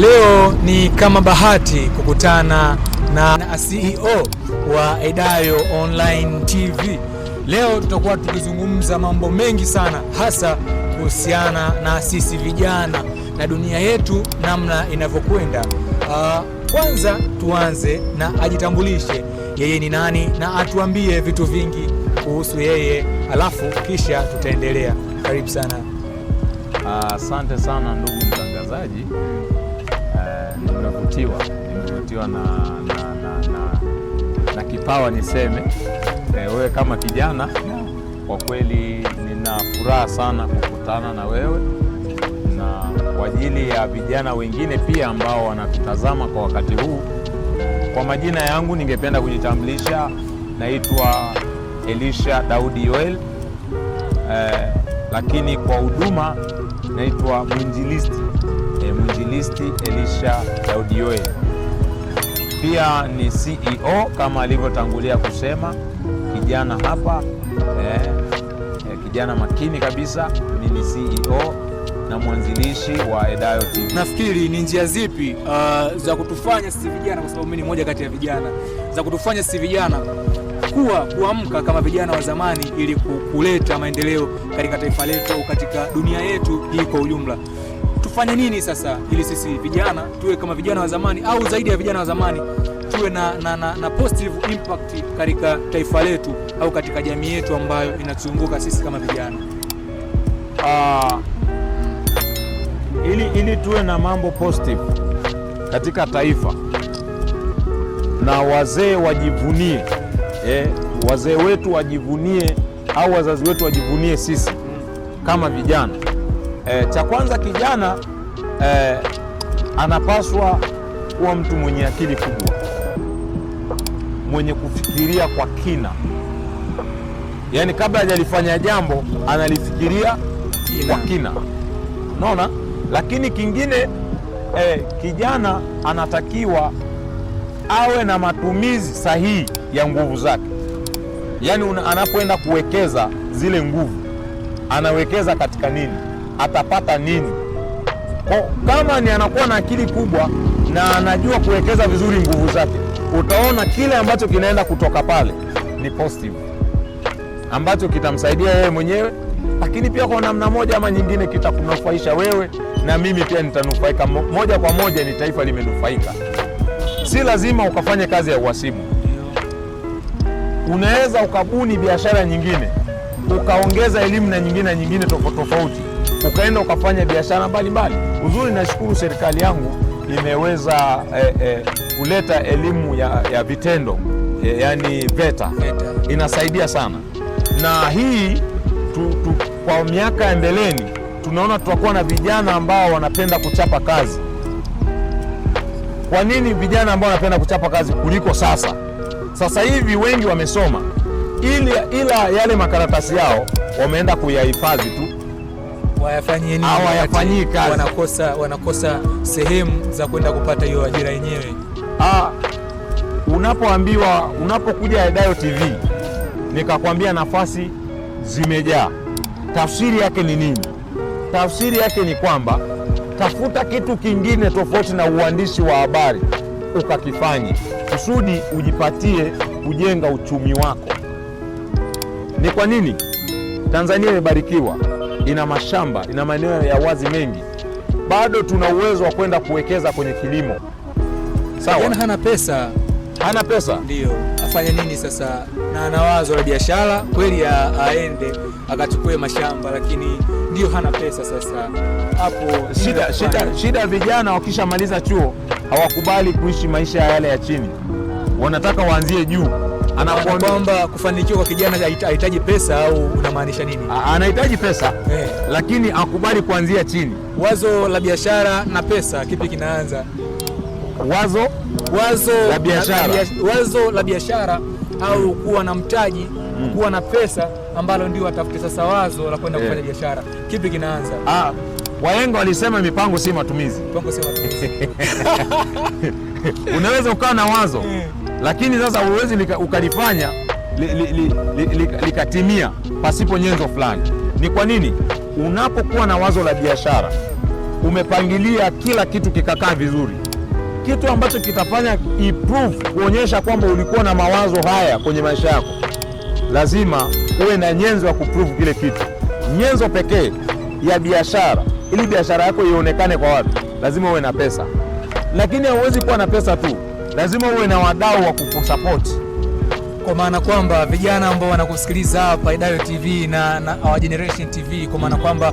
Leo ni kama bahati kukutana na CEO wa Edayo Online TV. Leo tutakuwa tukizungumza mambo mengi sana hasa kuhusiana na sisi vijana na dunia yetu namna inavyokwenda. Uh, kwanza tuanze na ajitambulishe yeye ni nani na atuambie vitu vingi kuhusu yeye, alafu kisha tutaendelea. Karibu sana. Ah, asante uh, sana ndugu mtangazaji nimevutiwa nimevutiwa na, na, na, na, na kipawa niseme eh, wewe kama kijana. Kwa kweli nina furaha sana kukutana na wewe na kwa ajili ya vijana wengine pia ambao wanatutazama kwa wakati huu. Kwa majina yangu ningependa kujitambulisha, naitwa Elisha Daudi Yoel eh, lakini kwa huduma naitwa mwinjilisti Eh, mwinjilisti Elisha Daudioe. Pia ni CEO kama alivyotangulia kusema kijana hapa eh, eh kijana makini kabisa. Mimi ni CEO na mwanzilishi wa Edayo TV. Nafikiri ni njia zipi uh, za kutufanya sisi vijana, kwa sababu mimi ni moja kati ya vijana, za kutufanya sisi vijana kuwa kuamka kama vijana wa zamani, ili kuleta maendeleo katika taifa letu au katika dunia yetu hii kwa ujumla tufanye nini sasa ili sisi vijana tuwe kama vijana wa zamani au zaidi ya vijana wa zamani tuwe na, na, na, na positive impact katika taifa letu au katika jamii yetu ambayo inatuzunguka sisi kama vijana uh, ili, ili tuwe na mambo positive katika taifa na wazee wajivunie eh, wazee wetu wajivunie au wazazi wetu wajivunie sisi kama vijana E, cha kwanza kijana e, anapaswa kuwa mtu mwenye akili kubwa, mwenye kufikiria kwa kina, yaani kabla hajalifanya jambo analifikiria kwa kina, unaona. Lakini kingine e, kijana anatakiwa awe na matumizi sahihi ya nguvu zake, yaani anapoenda kuwekeza zile nguvu anawekeza katika nini? atapata nini? Kwa, kama ni anakuwa na akili kubwa na anajua kuwekeza vizuri nguvu zake, utaona kile ambacho kinaenda kutoka pale ni positive ambacho kitamsaidia yeye mwenyewe, lakini pia kwa namna moja ama nyingine kitakunufaisha wewe na mimi pia nitanufaika moja kwa moja, ni taifa limenufaika. Si lazima ukafanye kazi ya uhasibu, unaweza ukabuni biashara nyingine, ukaongeza elimu na nyingine na nyingine tofauti tofauti ukaenda ukafanya biashara mbalimbali. Uzuri, nashukuru serikali yangu imeweza eh, eh, kuleta elimu ya, ya vitendo eh, yani VETA inasaidia sana, na hii tu, tu, kwa miaka ya mbeleni tunaona tutakuwa na vijana ambao wanapenda kuchapa kazi. Kwa nini vijana ambao wanapenda kuchapa kazi kuliko sasa? Sasa hivi wengi wamesoma, ila, ila yale makaratasi yao wameenda kuyahifadhi tu hawayafanyii kazi, wanakosa wanakosa sehemu za kwenda kupata hiyo ajira yenyewe. Ah, unapoambiwa unapokuja Eldayo TV nikakwambia nafasi zimejaa, tafsiri yake ni nini? Tafsiri yake ni kwamba tafuta kitu kingine tofauti na uandishi wa habari ukakifanye, kusudi ujipatie kujenga uchumi wako. Ni kwa nini Tanzania imebarikiwa? ina mashamba, ina maeneo ya wazi mengi, bado tuna uwezo wa kwenda kuwekeza kwenye kilimo. Sawa, yaani hana pesa, hana pesa, ndio afanye nini sasa? Na ana wazo la biashara kweli, aende akachukue mashamba, lakini ndio hana pesa. Sasa hapo shida, shida, shida. Vijana wakishamaliza chuo hawakubali kuishi maisha yale ya chini, wanataka waanzie juu anakuambia kwamba kufanikiwa kwa kijana hahitaji pesa, au unamaanisha nini? Anahitaji pesa eh, lakini akubali kuanzia chini. Wazo la biashara na pesa, kipi kinaanza? Wazo wazo la biashara, wazo la biashara au mm. kuwa na mtaji mm, kuwa na pesa ambalo ndio watafute sasa wazo la kwenda yeah, kufanya biashara, kipi kinaanza? Ah, wahenga walisema mipango si matumizi, mipango si matumizi. Unaweza ukawa na wazo eh lakini sasa huwezi ukalifanya likatimia li, li, li, li, li pasipo nyenzo fulani. Ni kwa nini? Unapokuwa na wazo la biashara, umepangilia kila kitu kikakaa vizuri, kitu ambacho kitafanya improve kuonyesha kwamba ulikuwa na mawazo haya kwenye maisha yako, lazima uwe na nyenzo ya kuprove kile kitu. Nyenzo pekee ya biashara, ili biashara yako ionekane kwa watu, lazima uwe na pesa, lakini hauwezi kuwa na pesa tu lazima uwe na wadau wa kukusapoti kwa maana kwamba vijana ambao wanakusikiliza hapa Idayo TV na, na Our Generation TV, kwa maana kwamba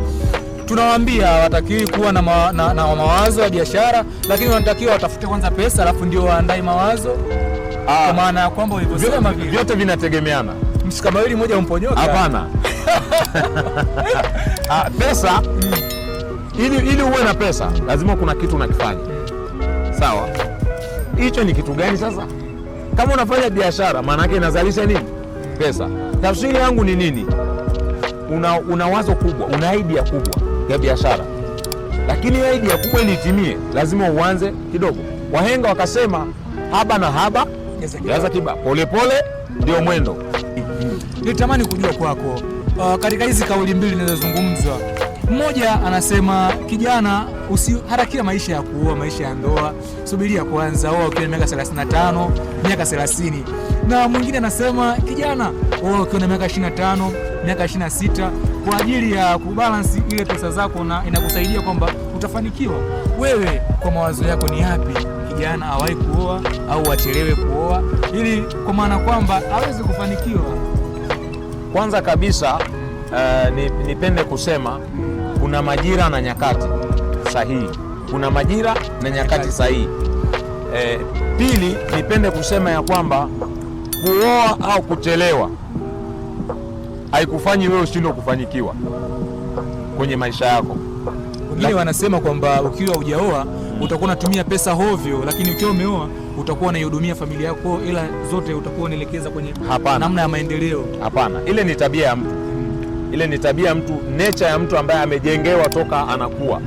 tunawaambia watakiwi kuwa na, ma, na, na mawazo ya biashara, lakini wanatakiwa watafute kwanza pesa, alafu ndio waandae mawazo, ah. kwa maana ya kwamba ulivyosema vile vyote vinategemeana. Msikamawili mmoja umponyoka, hapana. Ah, pesa mm. ili, ili uwe na pesa lazima kuna kitu unakifanya, mm. sawa hicho ni kitu gani sasa? Kama unafanya biashara, maana yake inazalisha nini? Pesa. Tafsiri yangu ni nini? Una, una wazo kubwa, una idea kubwa ya biashara, lakini hiyo idea kubwa ili itimie lazima uanze kidogo. Wahenga wakasema haba na haba jaza kiba, polepole ndio mwendo. Nitamani kujua kwako, uh, katika hizi kauli mbili zinazozungumzwa mmoja anasema kijana, usiharakia maisha ya kuoa, maisha ya ndoa, subiria kwanza, oa ukiwa na miaka 35, miaka 30. Na mwingine anasema kijana, oa ukiwa na miaka 25, miaka 26, kwa ajili ya kubalansi ile pesa zako, na inakusaidia kwamba utafanikiwa. Wewe kwa mawazo yako ni yapi? Kijana awahi kuoa au achelewe kuoa, ili kwa maana kwamba aweze kufanikiwa? Kwanza kabisa, uh, nipende kusema kuna majira na nyakati sahihi, kuna majira na nyakati sahihi. E, pili nipende kusema ya kwamba kuoa au kuchelewa haikufanyi wewe ushindwe kufanyikiwa kwenye maisha yako. Wengine wanasema kwamba ukiwa hujaoa utakuwa unatumia pesa hovyo, lakini ukiwa umeoa utakuwa unaihudumia familia yako, ila zote utakuwa unaelekeza kwenye hapana, namna ya maendeleo. Hapana, ile ni tabia ya mtu. Ile ni tabia mtu, nature ya mtu ambaye amejengewa toka anakuwa.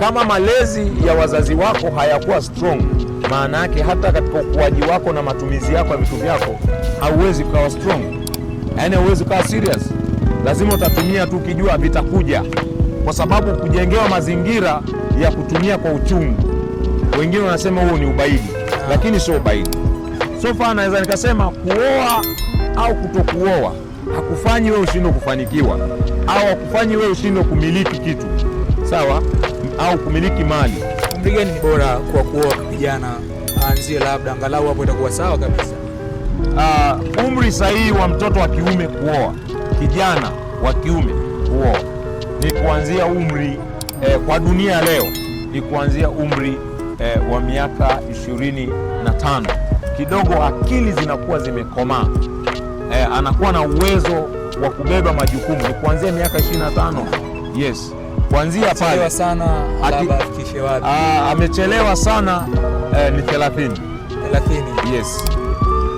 Kama malezi ya wazazi wako hayakuwa strong, maana yake hata katika ukuaji wako na matumizi yako ya vitu vyako hauwezi ukawa strong, yaani hauwezi ukawa serious. Lazima utatumia tu ukijua vitakuja, kwa sababu kujengewa mazingira ya kutumia kwa uchungu. Wengine wanasema huo ni ubaidi, lakini sio ubaidi. sofa anaweza naweza nikasema kuoa au kutokuoa hakufanyi wewe ushindwe kufanikiwa au hakufanyi wewe ushindwe kumiliki kitu sawa, au kumiliki mali. Umri gani ni bora kwa kuoa kijana aanzie, labda angalau hapo itakuwa sawa kabisa. Uh, umri sahihi wa mtoto wa kiume kuoa, kijana wa kiume kuoa ni kuanzia umri eh, kwa dunia leo ni kuanzia umri eh, wa miaka ishirini na tano. Kidogo akili zinakuwa zimekomaa anakuwa na uwezo wa kubeba majukumu ni kuanzia miaka 25. Yes, kuanzia pale sana afikishe wapi? Ah, amechelewa sana eh, ni 30. 30. Yes.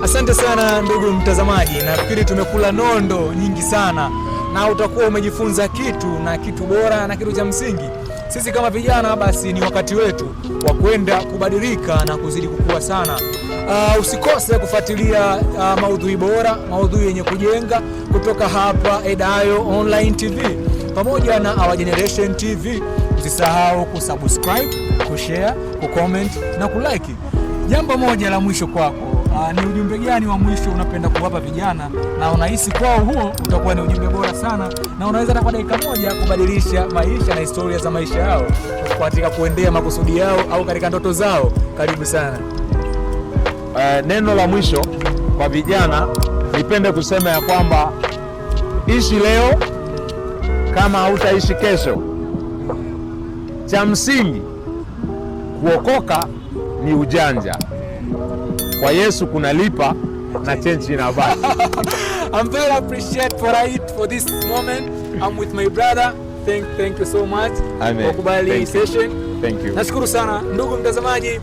Asante sana ndugu mtazamaji, nafikiri tumekula nondo nyingi sana na utakuwa umejifunza kitu na kitu bora na kitu cha msingi. Sisi kama vijana, basi ni wakati wetu wa kwenda kubadilika na kuzidi kukua sana. Uh, usikose kufuatilia uh, maudhui bora, maudhui yenye kujenga kutoka hapa Edayo Online TV pamoja na Our Generation TV. Usisahau kusubscribe, kushare, kucomment na kulike. Jambo moja la mwisho kwako, uh, ni ujumbe gani wa mwisho unapenda kuwapa vijana na unahisi kwao huo utakuwa ni ujumbe bora sana na unaweza kwa dakika moja kubadilisha maisha na historia za maisha yao katika kuendea makusudi yao au katika ndoto zao? Karibu sana eh, neno la mwisho kwa vijana, nipende kusema ya kwamba ishi leo kama hautaishi kesho. Cha msingi kuokoka ni ujanja. Kwa Yesu kuna lipa na chenji na inabaki. I'm very appreciate for it for this moment. I'm with my brother. Thank thank you so much. Amen. Kwa kubali session. Thank you. Nashukuru sana ndugu mtazamaji,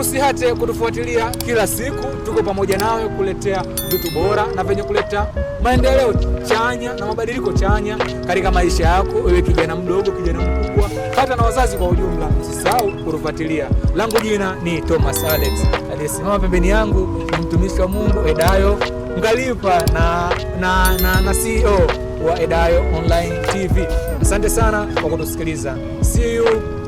usihate kutufuatilia kila siku, tuko pamoja nawe kuletea vitu bora na venye kuleta maendeleo chanya na mabadiliko chanya katika maisha yako, wewe kijana mdogo, kijana mkubwa, hata na wazazi kwa ujumla. Usisahau kutufuatilia. Langu jina ni Thomas Alex, aliyesimama pembeni yangu ni mtumishi wa Mungu Edayo Ngalipa na, na, na, na CEO wa Edayo Online TV. Asante sana kwa kutusikiliza. See you